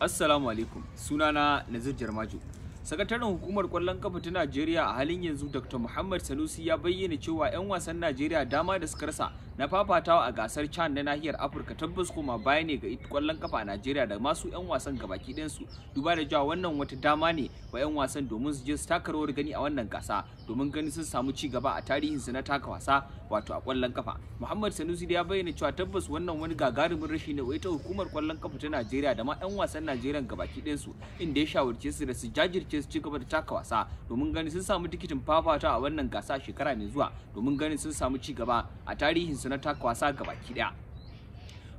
Assalamu alaikum sunana Nazir Jarmaju sakataren hukumar kwallon kafa ta najeriya a halin yanzu dr muhammad sanusi ya bayyana cewa 'yan wasan najeriya dama da suka rasa na fafatawa a gasar chan na nahiyar afirka tabbas kuma baya ne ga kwallon kafa a najeriya da masu 'yan wasan gabaki su duba da jawa wannan wata dama ne wa 'yan wasan domin su je su taka rawar gani a wannan gasa domin ganin sun samu ci gaba a tarihin su na taka wasa wato a kwallon kafa muhammad sanusi da ya bayyana cewa tabbas wannan wani gagarumin rashi ne ita hukumar kwallon kafa ta najeriya da ma 'yan wasan najeriya gabaki su inda ya shawarce su da su jajirce ce su ci gaba da taka wasa domin ganin sun samu tikitin fafata a wannan gasa shekara mai zuwa domin ganin sun samu ci gaba a tarihinsu na taka wasa gabaki daya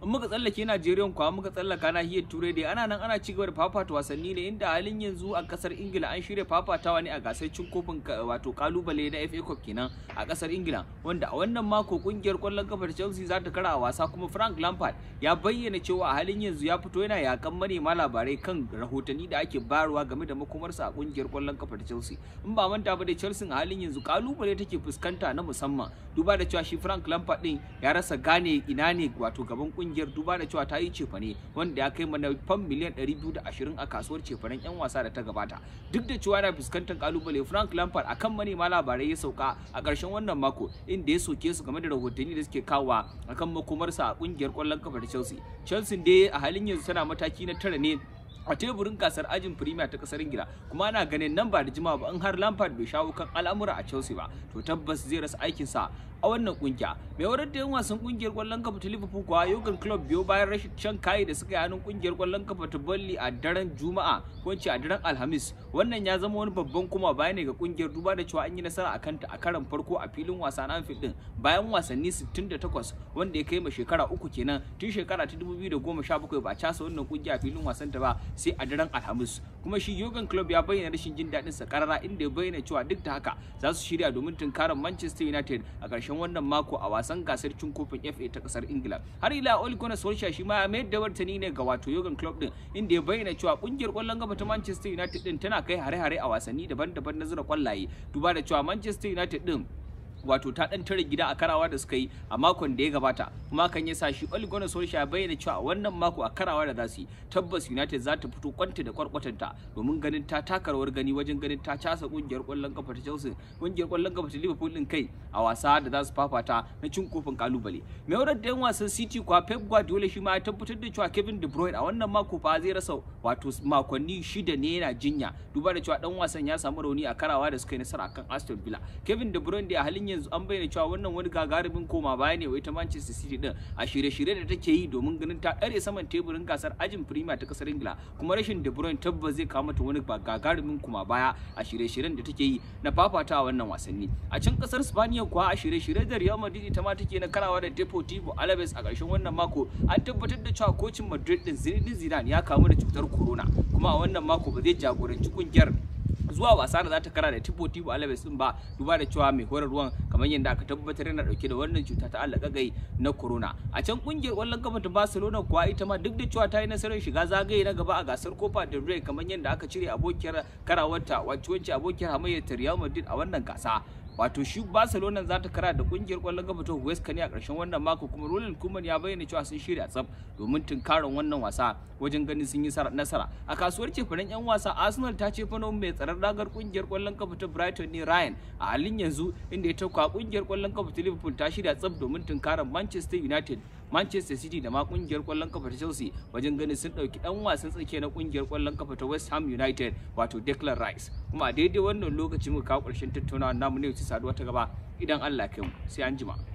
in muka tsallake Najeriya kuwa muka tsallaka nahiyar Turai dai ana nan ana ci gaba da fafata wasanni ne inda halin yanzu a kasar Ingila an shirya fafatawa ne a gasar cin kofin wato kalubale na FA Cup kenan a kasar Ingila wanda a wannan mako kungiyar kwallon kafa ta Chelsea za ta kara a wasa kuma Frank Lampard ya bayyana cewa a halin yanzu ya fito yana yakan manema labarai kan rahotanni da ake bayarwa game da makomarsa a kungiyar kwallon kafa ta Chelsea in ba manta ba da Chelsea a halin yanzu kalubale take fuskanta na musamman duba da cewa shi Frank Lampard din ya rasa gane ina ne wato gaban kungiyar kungiyar duba da cewa ta yi cefane wanda ya kai mana fam miliyan 220 a kasuwar cefanen 'yan wasa da ta gabata duk da cewa yana fuskantar kalubale Frank Lampard a kan manema labarai ya sauka a ƙarshen wannan mako inda ya soke su game da rahotanni da suke kawowa kan makomarsa a kungiyar kwallon kafa da Chelsea Chelsea dai a halin yanzu tana mataki na tara ne a teburin gasar ajin firimiya ta kasar Ingila kuma ana ganin nan ba da jimawa ba in har Lampard bai shawo kan al'amura a Chelsea ba to tabbas zai rasa aikinsa a wannan kungiya mai horar da yan wasan kungiyar kwallon kafa ta liverpool kuwa yogan club biyo bayan rashin shan kayi da suka yi hannun kungiyar kwallon kafa ta burnley a daren juma'a ko a daren alhamis wannan ya zama wani babban kuma baya ne ga kungiyar duba da cewa an yi nasara a kanta a karan farko a filin wasa na anfield din bayan wasanni 68 wanda ya kai ma shekara uku kenan tun shekara ta 2017 ba a casa wannan kungiya a filin wasan ta ba sai a daren alhamis kuma shi Jurgen Klopp ya bayyana rashin jin daɗin sa karara inda ya bayyana cewa duk da haka za su shirya domin tunkarar Manchester United a ƙarshen wannan mako a wasan gasar cin kofin FA ta ƙasar Ingila har ila Ole Gunnar Solskjaer shi ma ya mayar da martani ne ga wato Jurgen Klopp din inda ya bayyana cewa kungiyar ƙwallon gaba ta Manchester United din tana kai hare-hare a wasanni daban-daban na zura ƙwallaye duba da cewa Manchester United din wato ta dan tare gida a karawa da suka yi a makon da ya gabata kuma kan yasa shi Ole Gunnar Solskjaer bayyana cewa wannan mako a karawa da za su yi tabbas United za ta fito kwanta da kwarkwatanta domin ganin ta taka rawar gani wajen ganin ta casa kungiyar kwallon kafa ta Chelsea kungiyar kwallon kafa ta Liverpool din kai a wasa da za su fafata na cin kofin kalubale mai horar da yan wasan City kwa Pep Guardiola shi ma ya tabbatar da cewa Kevin De Bruyne a wannan mako fa zai rasa wato makonni shida ne yana jinya duba da cewa dan wasan ya samu rauni a karawa da suka yi nasara kan Aston Villa Kevin De Bruyne da halin yanzu an bayyana cewa wannan wani gagarumin koma baya ne wai ta Manchester City din a shirye-shirye da take yi domin ganin ta ɗare saman teburin gasar ajin Premier ta kasar Ingila kuma rashin De Bruyne tabbas zai kawo mata wani gagarumin koma baya a shirye-shiryen da take yi na fafata wannan wasanni a can kasar Spaniya kuwa a shirye shiryen da Real Madrid ita ma take na karawa da Deportivo Alaves a ƙarshen wannan mako an tabbatar da cewa kocin Madrid din Zinedine Zidane ya kamu da cutar corona kuma a wannan mako ba zai jagoranci kungiyar zuwa wasa da za ta kara da tipo tipo alabes din ba duba da cewa mai horarwan kamar yadda aka tabbatar yana dauke da wannan cuta ta gagai na corona a can kungiyar kwallon kafa ta barcelona kuwa ita ma duk da cewa ta yi nasarar shiga zagaye na gaba a gasar copa del rey kamar yadda aka cire abokiyar karawarta wacce wacce abokiyar hamayyar real madrid a wannan gasa wato shi barcelona za ta kara da kungiyar kwallon gaba ta huesca ne a ƙarshen wannan mako kuma ronald koeman ya bayyana cewa sun shirya tsaf domin tunkarin wannan wasa wajen ganin sun yi nasara a kasuwar cefanen yan wasa arsenal ta ce fano mai tsaron ragar kungiyar kwallon kafa ta brighton ne ryan a halin yanzu inda ya tauka kungiyar kwallon kafa ta liverpool ta shirya tsaf domin tunkarin manchester united Manchester City da ma kungiyar kwallon kafa ta Chelsea wajen ganin sun dauki dan wasan tsakiya na kungiyar kwallon kafa ta West Ham United wato Declan Rice kuma a daidai wannan lokacin muka kawo karshen tattaunawa namu ne saduwa ta gaba idan Allah ya kai mu sai an jima